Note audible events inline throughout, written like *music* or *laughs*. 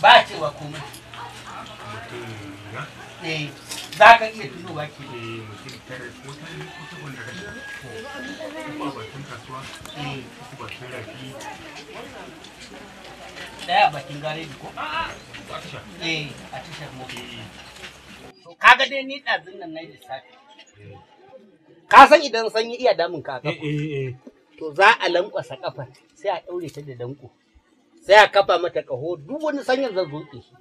ba cewa komai eh za ka iya tuno ba ke daya bakin gareji ko eh a tashar Ka ga dai ni ɗazun nan na yi lissafi ka san idan sanyi iya damun ka eh, eh, eh. to za a lankwasa kafar sai a ɗaure ta da danko sai a kafa mata kaho duk wani sanyin zan zoke shi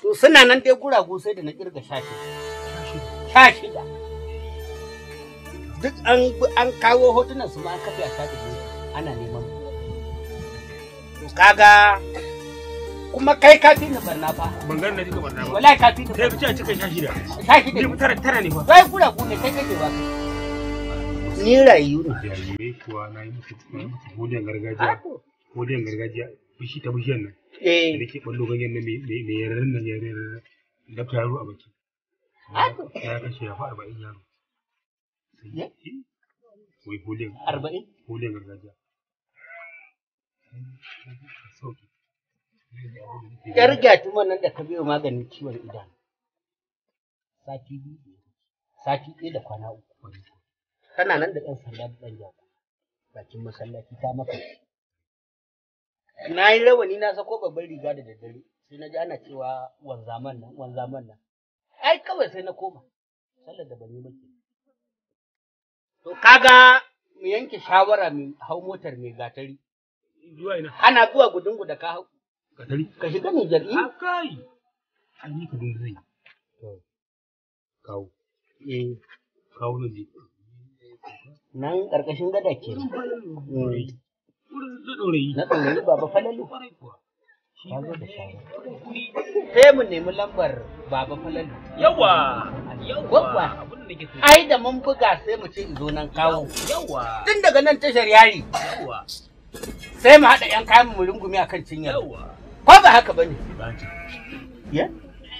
to suna nan dai guragu sai da na kirga shashi shashi da duk an an kawo hotunan su ma an kafa sha shida ana neman to kaga kuma kai ka fi ni barna ba ban ganna na barna ba wallahi ka fi ni kai a cika shashi da shashi da ni tara tara ne fa sai guragu ne kai kake ba ni rayu ne jarirai kuwa na yi musu godiyan gargajiya godiyan gargajiya bishi ta bishiyar nan. Eh. Da ke ɓallo ganyen nan mai yararren nan yararren da ta a baki. Ya kashe ya fa arba'in yaro. Eh? Eh? Wai hulin. Arba'in? Hulin gargajiya. Yarga tuma nan da ka biyo maganin ciwon idanu. Sati biyu. Sati ɗaya da kwana uku. kana nan da ɗan sanda da ɗan jago. Bakin masallaci ta maka. na yi rawani na sako babban riga da daddare sai na ji ana cewa wanzaman nan wanzaman nan ai kawai sai na koma sallar da ban yi maki to kaga mu yanke shawara mu hau motar mai gatari zuwa ina ana zuwa gudun da ka hau gatari ka shiga mai jar'i eh. kai an yi kudin zai kawo eh kawo na nan karkashin gada ke na ɗorayi. baba falalu. Ka zo da shawara. Sai mu nemi lambar baba falalu. Yawa! Yawa! Ai da mun buga sai mu ce zo nan kawo. Yawa! Tun daga nan tashar yari. Yawa! Sai mu haɗa 'yan kayan mu rungumi akan cinyar. Yawa! Ko ba haka bane? Ya?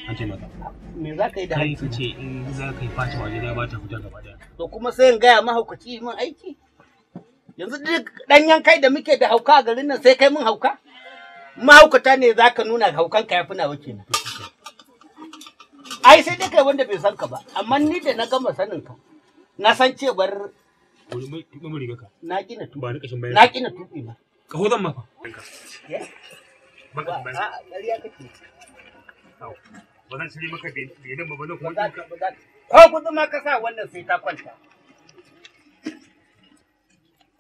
An ce maka. Me za ka yi da hankali? Kai ce in za ka yi fatima wajen ya ba ta fita gaba To kuma sai in gaya mahaukaci min aiki. yanzu duk ɗanyen kai da muke da hauka a garin nan sai kai mun hauka mahaukata ne za ka nuna haukan ka ya fi nawa kenan ai sai dai kai wanda bai san ka ba amma ni da na gama sanin ka na san cewar na kina tuki na kina eh? ba ba zan maka ba ba ko ma ka sa wannan sai ta kwanta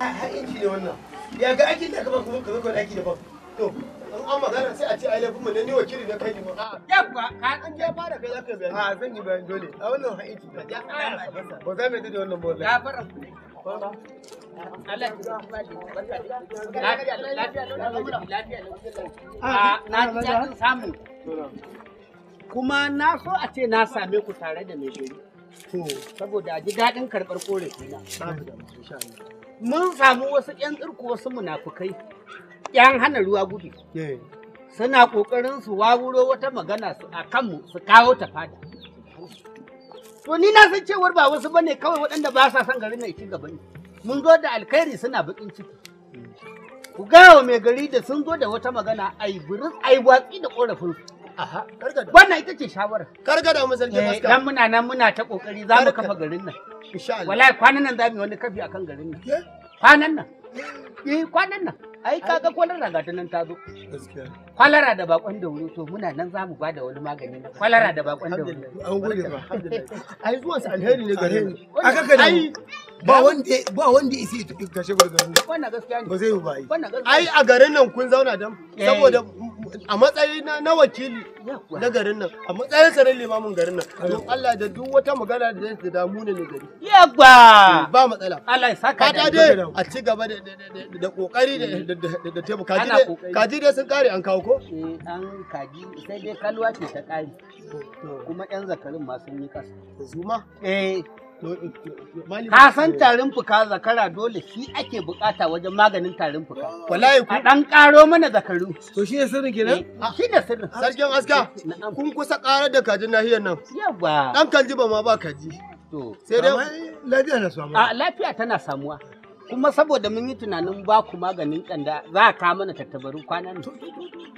har ne wannan ya ga da kuma kaza kawai aiki to an an magana sai a ce ai laifin mu ne ni wakili na kai ne ah, ba ka an fara kai zaka a ah, zan yi dole a wannan da ya fara ba wannan bolla ya fara ah, kuma na so a ce na same ku tare da mai gari saboda ji daɗin karɓar korafi na mun samu wasu 'yan tsirku wasu munafukai 'yan hana ruwa gudu eh. suna ƙoƙarin su wawuro wata magana su a kanmu su kawo ta fada to ni na san cewar ba wasu bane kawai waɗanda ba sa son garin na ci gaba ne mun zo da alkhairi suna bakin ciki ku gawa mai gari da sun zo da wata magana ai burin ai watsi da korafin Wannan ita ce shawara. Kargada mu sarki fuska. Eh, dan muna nan muna ta kokari za mu kafa garin nan. Insha Allah. Wallahi kwanan nan za mu yi wani kafi akan garin nan. Kwanan nan. Eh kwanan nan. Ai kaga kwalara ga nan ta zo. Kwalara da bakon da wuri to muna nan za mu ba da wani magani kwalara da bakon da wuri. An gode ba. Ai zuwan sa alheri ne gare ni. Aka ga ba wanda ba wanda isi kashe gurgurun. Wannan gaskiya ne. Ba zai yi ba. Ai a garin nan kun zauna dan eh. saboda a matsayi na wakili na garin nan a matsayin sarar limamin garin nan don Allah da duk wata magana da zai da damu ne gari yabba eh, ba matsala Allah ya saka da dai a ci gaba da da kokari da da tebu kaji dai kaji dai sun kare an kawo ko eh an kaji sai dai kalwa ce ta kare kuma yan zakarin ma sun yi kasa zuma eh Ka san tarin fuka zakara dole shi ake bukata wajen maganin tarin fuka. Wallahi ku dan karo mana zakaru. To shi ne sirrin kenan? Eh, ah, shi ne sirrin. Sarkin aska. Kun kusa karar da kajin nahiyar nan. Yawa. Dan kaljiba ma ba kaji. To sai dai lafiya na samuwa. A lafiya tana samuwa. kuma saboda mun yi tunanin ba ku maganin kanda za a kawo mana tattabarin kwana ne.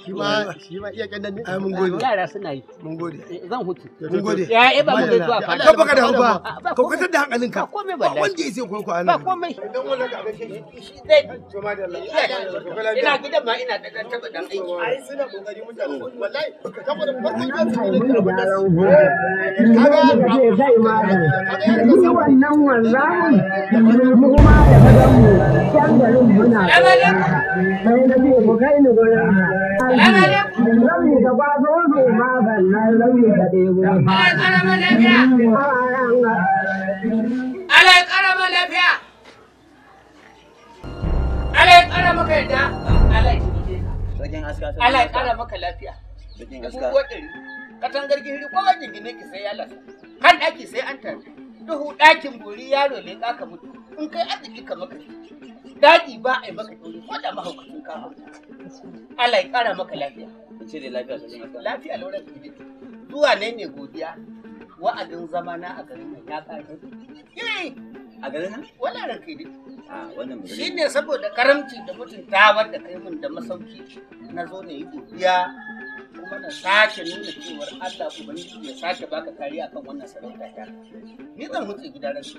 Shi ma shi ma iya kanda ne? Ai mun gode. Yara suna yi. Mun gode. Eh, zan huce. Mun gode. Ya ai ba mun zuwa fara. Ka baka da hauka. Ka kwatar da hankalin ka. Ba komai ba. Ba wanda ya sai kwanko a nan. Ba komai. Idan wannan ka kake shi zai. To ma da Allah. Ina gidan ma ina da taba dan aiki. Ai suna kokari mutane. Wallahi saboda farkon da su ne da wannan. Kaga zai ma. Wannan wannan. Kuma da Alai karama lafiya. Alai karama kai da alai. Allah ya da. maka lafiya. Dubu da Katangar gihiri ko wajen ki sai ya lasu. Kan ɗaki sai an tafi. duhu ɗakin bori yaro ne ka mutu in kai arziki ka maka daɗi ba a yi maka dole ko da mahaukacin ka Allah ya ƙara maka lafiya ce da lafiya sosai lafiya lauran ki zuwa ne ne godiya wa'adin zama na a garin nan ya ƙare eh! a garin nan wala ranka ne shi ne saboda karamci da mutunta wanda kai mun da masauki na zo ne yi godiya kuma na sake nuna cewar Allah Ubangiji ya sake baka kariya kan wannan sarauta ta. Ni zan mutu gida rashi.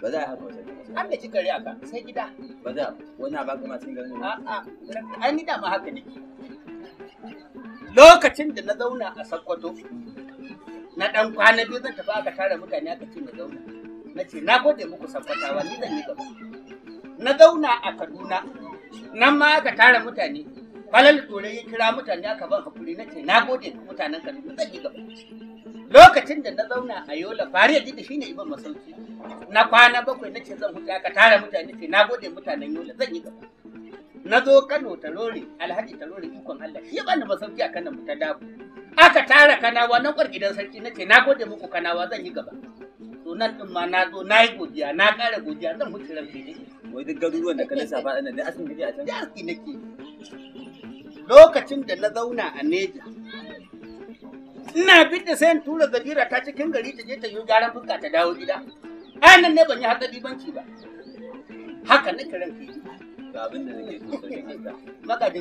Ba za a haka wata An da kika riya ka sai gida. Ba za wani a baka masu ganin. A'a, An ni dama haka ne. Lokacin da na zauna a Sokoto, na dan kwana biyu zan tafi aka tara mutane aka ce na zauna. Na ce, na gode muku Sokotawa, ni zan yi gaba. Na zauna a Kaduna, nan ma aka tara mutane, falal dore ya kira mutane aka ban hakuri na ce na gode ga mutanen ka zan yi gaba lokacin da na zauna a yola fariya ji da shine ibn masauki na kwana bakwai na ce zan huta aka tara mutane ce na gode mutanen yola zan yi gaba na zo kano lori alhaji lori ikon allah shi ya bani masauki a kanan ta dabu aka tara kanawa na kwar gidan sarki na ce na gode muku kanawa zan yi gaba to nan din ma na zo na yi godiya na ƙara godiya zan mutu rafi ne wai duk garuruwan da ka lissafa ɗan nan da asibiti a can da asibiti nake lokacin da na zauna a neja ina bidda sayan tura zabira ta cikin gari ta je ta yi gyaran fuska ta dawo gida anan ne ban yi haka bibanci ba haka na kiran kai ga abin da nake so sarkin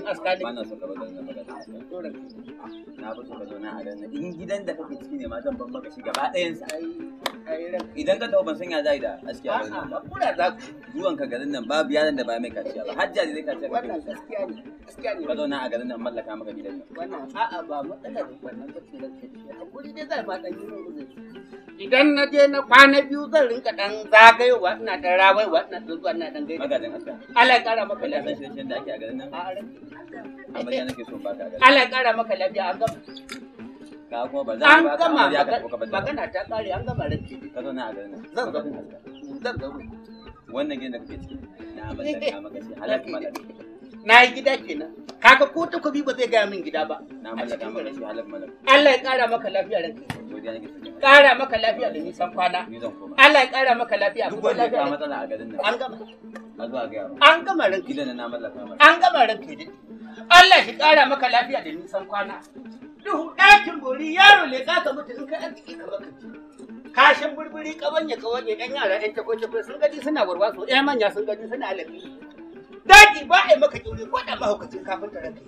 aska magajin bana so ka na so ka zauna a danna in gidan da kake ciki ne ma zan maka shi gaba ɗayan sa idan ka taɓa ban zai da askiya ba ba kura za ku zuwan ka garin nan babu yaran da ba mai kaciya ba hajja ne zai kaciya ka wannan gaskiya ne gaskiya ne ka zauna a garin nan mallaka maka gidan nan wannan a'a ba matsalar wannan kaciya da kaciya hakuri dai zai ba ɗan yi mun idan na je na kwana biyu zan rinka dan zagayowa ina dan rawaiwa ina dan zuwa ina dan gaida Allah ya kara maka lafiya sai shin da ake a garin nan amma yana ke so ba ta Allah ya kara maka lafiya an gama ka kuma ba za ka gama magana ta kare an gama rafi ka zo na a garin nan zan zo zan zo wannan gidan da kake ciki na abin da ka maka shi halaka malaka na yi gida kenan kaka ko takobi ba zai gaya min gida ba na shi Allah ya kara maka lafiya da kai kara maka lafiya da nisan kwana Allah ya kara maka lafiya duk wanda ka matsala a garin nan an gama a zuwa ga yaro an gama ran gidan na mallaka an gama ran gidan Allah ya kara maka lafiya da nisan kwana duhu ɗakin gori yaro ne ka ka mutu in kai arziki ka baka kashin burburi kabanya kawai dan yara ɗan takwai sun gaji suna warwaso ɗaya manya sun gaji suna alabi daji ba a yi maka kyaure ko da mahaukacin kafin ta ranka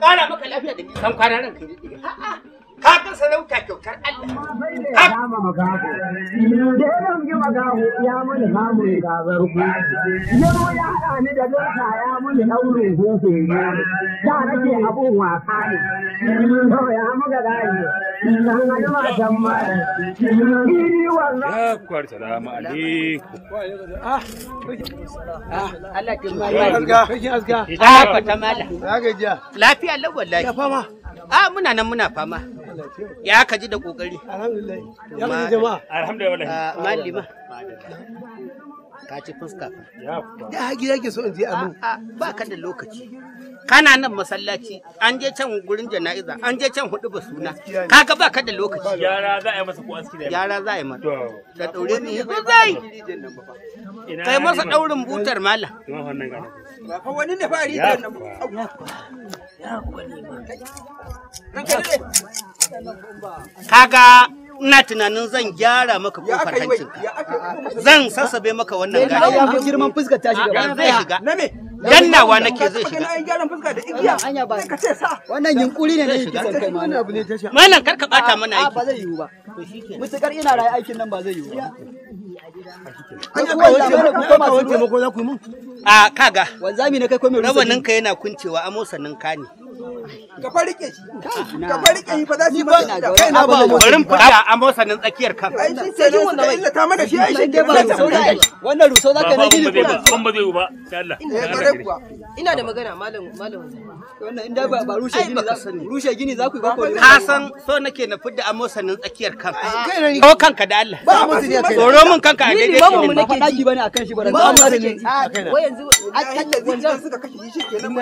ƙara maka lafiya da nisan kwana ranka ne a'a ka ga kyautar Allah ka kama magaho da ya nemi magaho ya mani samun gazar ku yau ya haɗa ni da doka ya mani ɗaurin hutu ne da nake abun wasa ne to ya muga gani nan ga matan mara ni wannan ya kwar salamu alaikum ah Allah kin azga azga ah mala ya gajiya lafiya lawallahi ya fama ah muna nan muna fama ya ka ji da kokari alhamdulillah fuska da ba ka da lokaci kana nan masallaci an je can gurin jana'iza an je can hudu ba suna kaga ba ka da lokaci yara za a yi masa ko aski da yara za a kai masa daurin butar mala. fa wani ne fari da nan kaga ina tunanin zan gyara maka kofar hancin ka. zan sassabe maka wannan gari. ya fi girman fuskar ta shiga zai shiga dannawa nake zai shiga da igiya. Ka ce sa. wannan yunkuri ne ne kisan kai malam malam kar ka bata mana aiki ba zai yiwu ba To mutukar ina rayi aikin nan ba zai yiwu ba kaga wanzami na kai komai rabonin ka yana kuncewa amosanin nin ka ne gaba rike shi na tsakiyar kan ba ina da magana malam ba rushe gini za ku ka san so nake na fidda a masanin tsakiyar kan ko kanka da Allah ba tsoro mun kanka a daidai shi ne ba faɗa bane akan shi ne a wai yanzu a da suka kashe shi kenan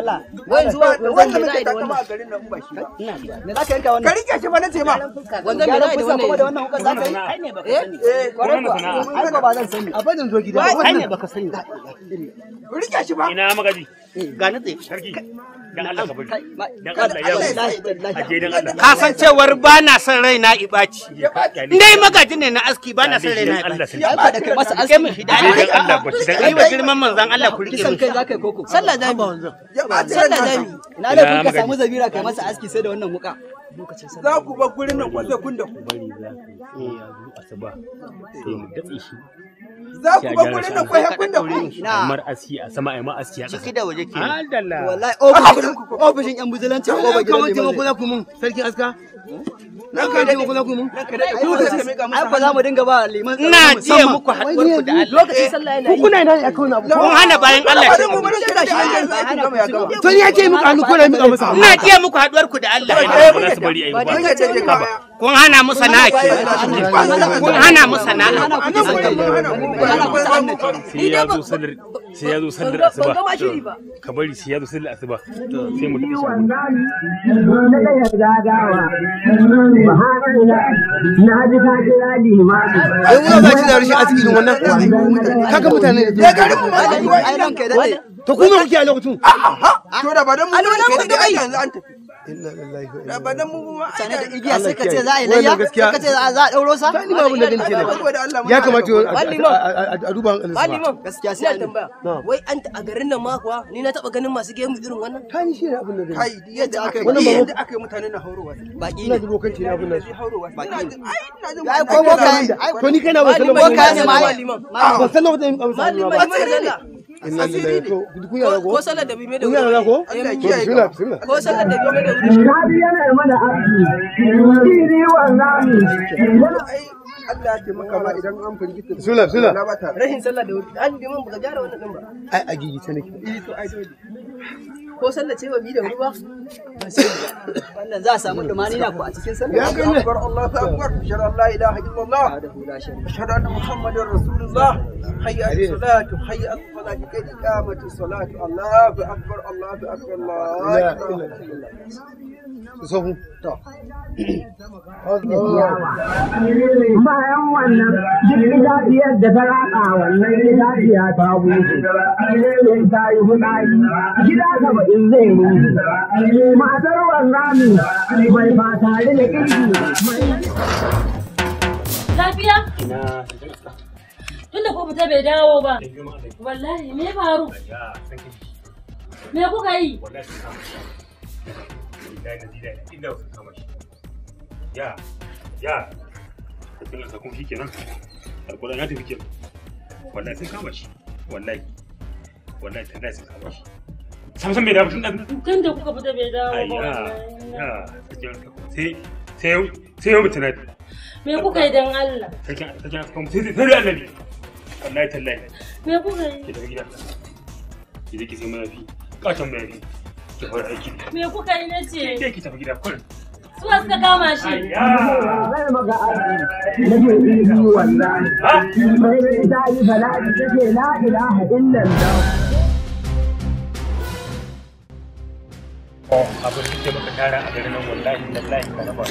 Allah wai yanzu wanda muke takama a garin nan ba shi ba yanka wannan ka rike shi ba ma da wannan kuma da wannan hukar yi kai ne eh, sani eh ba zan sani a zo gida kai ne sani rike shi ba ina magaji eh, ga sarki ka san cewar ba na son na ibaci dai magaji ne na aski ba na son na ibaci Ya ba da kai masa aski min hidaya Allah girman manzon Allah ku rike kai zakai koko sallah wanzo. sallah dai. na da kun ka samu zabira kai masa aski sai da wannan muka za ku ba gurin nan kwallo kun da ku bari za ku yi eh, a zuwa asuba sai mu datse shi za ku ba gurin da kwai da ku kamar a sama ai ma a ciki da waje ke adalla wallahi ofishin ofishin yan buzulanci ko ba gidan ne ku sarki aska ji ko za ku ai ba za mu dinga ba liman ina ji muku ku da Allah lokacin sallah yana yi kuna ina ne akan abu kun hana bayan Allah shi mun kira shi to ya ce muku hannu ko da Allah ina muku haduwar ku da Allah ba ba kun hana mu sana'a ke kun hana mu sana'a sai ya zo sallar sai ya zo sallar asuba ka bari sai ya zo sallar asuba sai mu tafi na ji ka kira limami ai shi wannan kaga mutane da ya garin mu yi ai da to kuma a lokacin to da ba dan mu ne da yanzu inna lillahi wa inna ilaihi raji'un sane da igiya sai ka ce za a yi layya ka ce za a dauro sa ni da gani ya kamata a duba gaskiya sai tambaya wai an a garin nan ma kuwa ni na taba ganin masu gemu irin wannan ni abin da gani kai yadda aka yi yadda aka yi na haurowa baki ne abin baki ne ai ko ai ko ni kana ba sallama ba ka ne ma ba sallama ah, ba inna Allah ya taimaka ma idan an firgita bismillah bismillah na bata rahin sallah da wuri an bi mun buga gyara wannan din ba ai a gigi nake eh to ai ko sallah ce ba bi da wuri ba za a samu dumani na ku a cikin sallah ya kai ne Allah ta akbar shar Allah ilaha illallah ashhadu anna muhammadar rasulullah hayya as-salatu hayya as maza Allahu akbar Allahu akbar bayan wannan duk itaciyar da ta raka wannan itaciya ta wuce ililin ta yi hudayi gida saba'in zai rushe matar wannan bai ba tare da kirki lafiya ku fita bai dawo ba. Wallahi me faru? Me kuka yi? Ya, ya, tafilar sa kun ya tafi kenan. Wallahi sun kama shi. Wallahi. Wallahi sun kama shi. Samson bai dawo da kuka fita bai dawo ba. Ya, sai sai yau Me kuka yi don Allah? sai sai Allah ne. wallahi tallahi me kuka yi ki kuka yi nace ki ki tafi kama shi zai maka aiki nake yi la ilaha illallah abin da ke tara a garin nan wallahi wallahi ka raba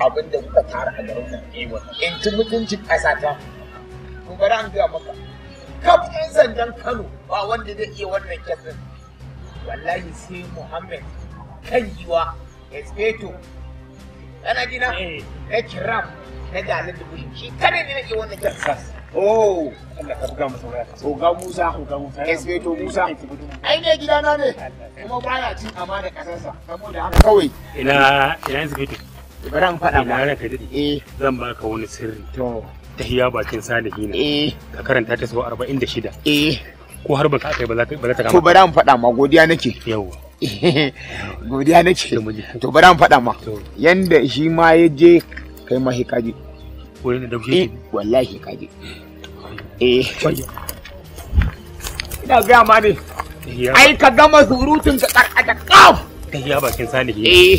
abin da kuka tara a garin nan eh, in ci mutuncin ƙasa ta ku bari an gaya maka kaf ɗin sandan kano ba wanda zai iya wannan kyasin wallahi sai muhammad kan yiwa espeto yana gina. na kiram eh. na dalil da bushi shi kada ne na iya wannan kyasin Oh, Allah ka buga masa waya. Oga Musa, Oga Musa. Espeto Musa. Ai ne gidana ne. Kuma baya cin amana kasarsa saboda haka kawai. Ina ina espeto. Ran faɗa ba. Ina ka daɗi. Eh. Zan baka wani sirri. To. Ta hiya bakin salihi na. Eh. Ka karanta ta sau arba'in da shida. Eh. Ko har baka aka yi ba za ta kama. To bari faɗa ma godiya nake. Yawwa. *laughs* Godiya nake. To faɗa ma. Yanda shi ma ya je kai ma hikaji. Wurin da Eh. Wallahi hikaji. Eh. Ina gaya ma ne. Ai ka gama surutun ka ƙarƙata ƙaf. Ta hiya bakin salihi. Eh.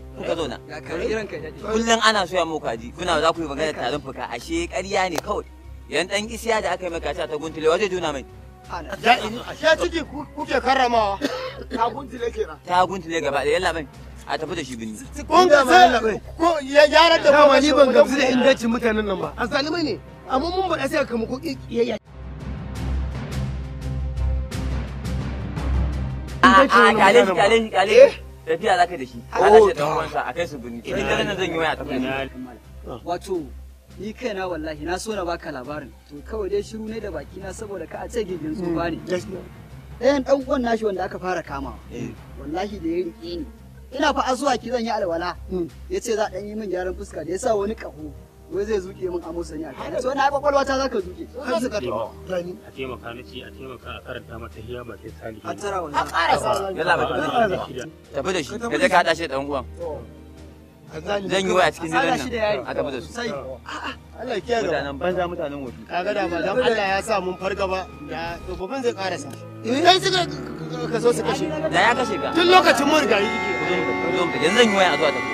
kuka zauna kullum ana soya mu kaji kuna za ku yi magana tarin fuka ashe ƙarya ne kawai yan dan isiya da aka yi maka ta guntule wa zai juna mai Ashe ciki kuke karramawa ta guntule kenan ta guntule gaba da yalla bai a tafi da shi bini kun ga mai ko ya yara da kuma ni ban gamsu da ingancin mutanen nan ba azzalimai ne amma mun ba sai ka mu ko kiyayya a a kale shi kale shi kale tafiya za ka da shi oh, ana shi da kwansa a kai su birni idan dare nan zan yi waya ta kai wato ni kaina wallahi na so na baka labarin to kawai dai shiru ne da baki na saboda ka a ce gigin tsofa ne mm, ɗayan ɗan uwan nashi wanda aka fara kamawa eh. wallahi da ya riƙe ni ina fa zuwa ki zan yi alwala mm. ya ce za a ɗan yi min gyaran fuska da ya sa wani ƙaho wai zai zuke min amusa ne a kai so na kwakwalwa ta zaka zuke har suka to tani a taimaka ta ce a taimaka a karanta mata hiya ba sai tani a tara wannan a ƙara sa ya ba tafi da shi ka je ka shi da dan uwan zan yi waya cikin nan a tafi da su sai Allah ya kiyaye mutanen banza mutanen da Allah ya sa mun fargaba da to babban zai ƙara sa ta eh. suka ka su kashe da ya kashe ka tun lokacin mun rigayi yanzu zan yi waya a zuwa tafi